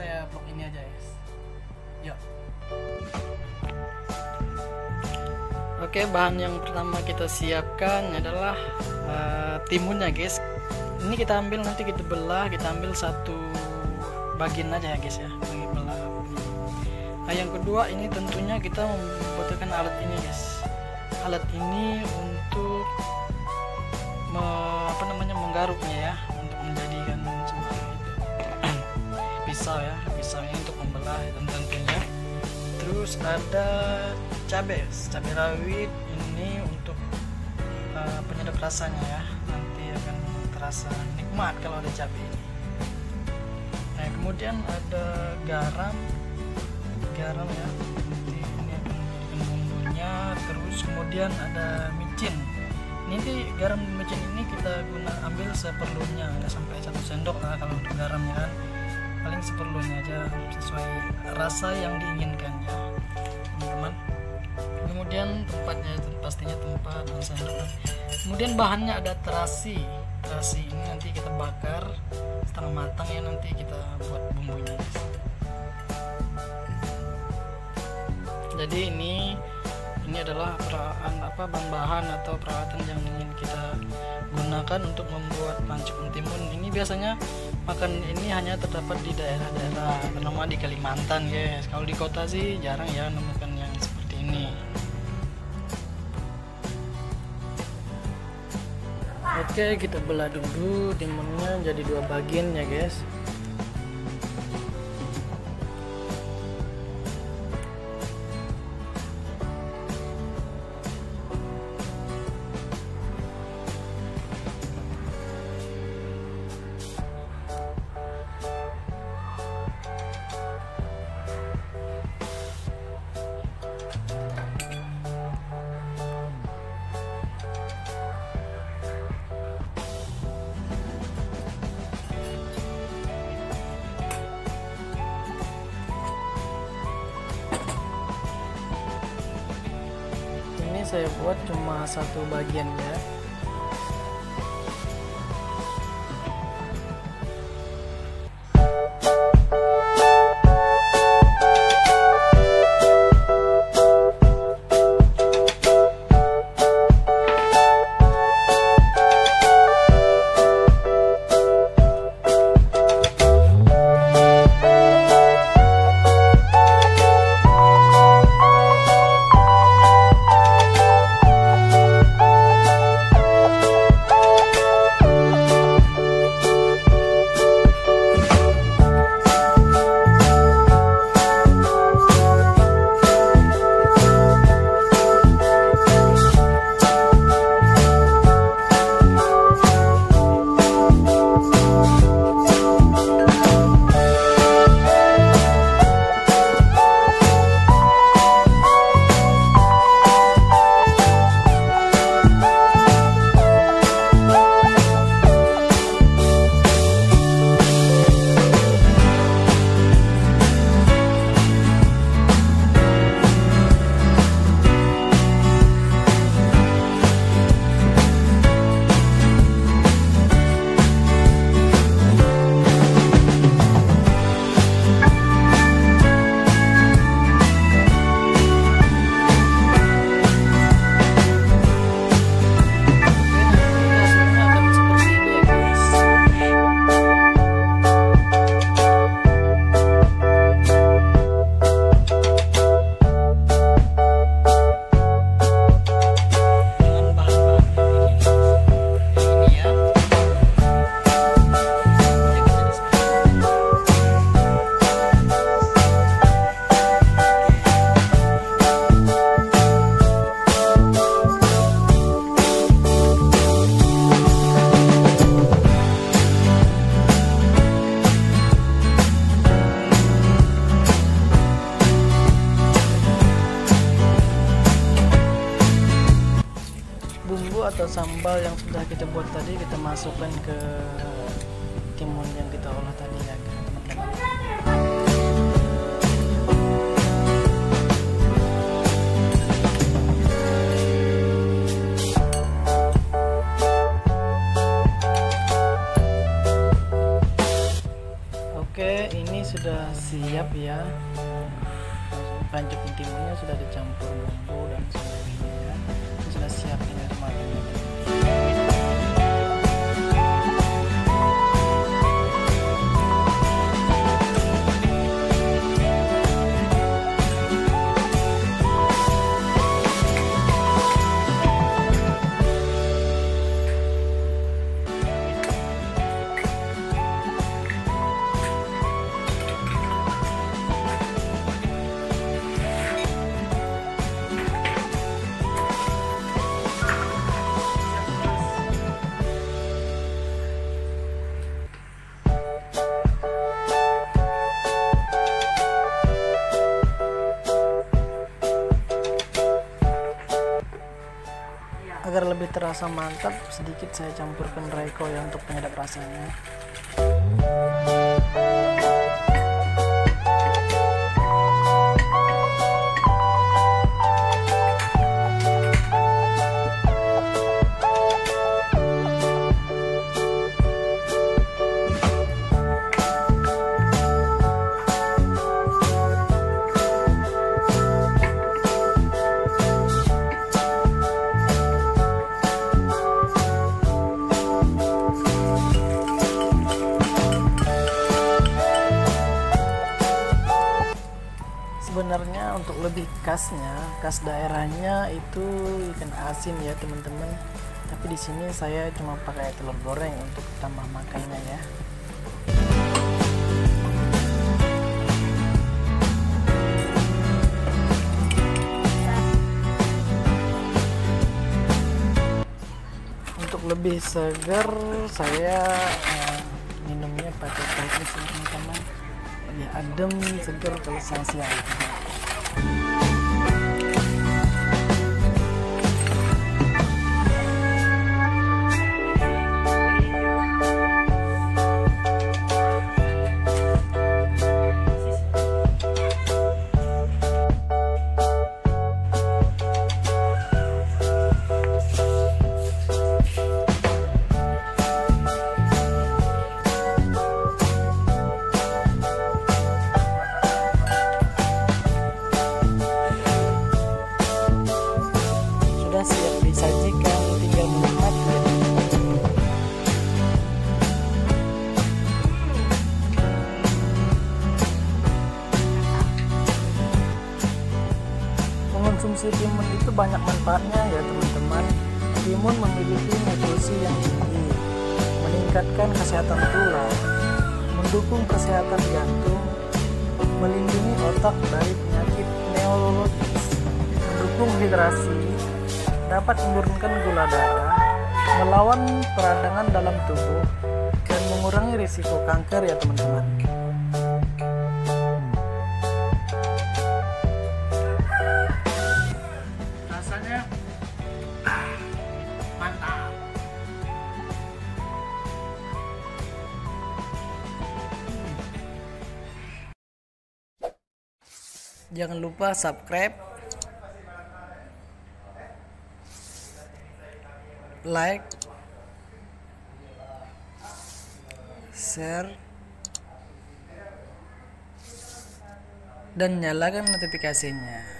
saya vlog ini aja guys, yuk Oke, bahan yang pertama kita siapkan adalah uh, timunnya, guys. Ini kita ambil nanti kita belah, kita ambil satu bagian aja ya, guys ya, bagi belah. Nah, yang kedua ini tentunya kita membutuhkan alat ini, guys. Alat ini untuk me, apa namanya menggaruknya ya, pisangnya untuk membelah dan tentunya terus ada cabai cabai rawit ini untuk uh, penyedap rasanya ya nanti akan terasa nikmat kalau ada cabai ini nah kemudian ada garam garam ya nanti ini akan menjadikan bumbunya terus kemudian ada micin nanti garam micin ini kita guna ambil seperlunya nggak sampai satu sendok lah kalau untuk garamnya kan paling seperlunya aja sesuai rasa yang diinginkannya teman-teman kemudian tempatnya itu pastinya tempat dan sarapan kemudian bahannya ada terasi terasi ini nanti kita bakar setengah matang ya nanti kita buat bumbunya jadi ini ini adalah peralatan apa bahan-bahan atau peralatan yang ingin kita gunakan untuk membuat pancung timun ini biasanya makan ini hanya terdapat di daerah-daerah ternama di Kalimantan guys kalau di kota sih jarang ya menemukan yang seperti ini oke kita belah dulu timunnya jadi dua bagian ya guys saya buat cuma satu bagiannya sambal yang sudah kita buat tadi kita masukkan ke timun yang kita olah tadi ya teman-teman Oke, ini sudah siap ya. Pancak timunnya sudah dicampur bumbu dan sebagainya sudah siap Ya. terasa mantap, sedikit saya campurkan reiko ya untuk penyedap rasanya. sebenarnya untuk lebih khasnya khas daerahnya itu ikan asin ya teman-teman tapi di sini saya cuma pakai telur goreng untuk tambah makannya ya untuk lebih segar saya eh, minumnya pakai teh teman-teman ya adem segar kalau siang-siang timun itu banyak manfaatnya ya teman-teman. Timun memiliki nutrisi yang tinggi, meningkatkan kesehatan tulang, mendukung kesehatan jantung, melindungi otak dari penyakit neurologis, mendukung hidrasi, dapat menurunkan gula darah, melawan peradangan dalam tubuh, dan mengurangi risiko kanker ya teman-teman. jangan lupa subscribe like share dan nyalakan notifikasinya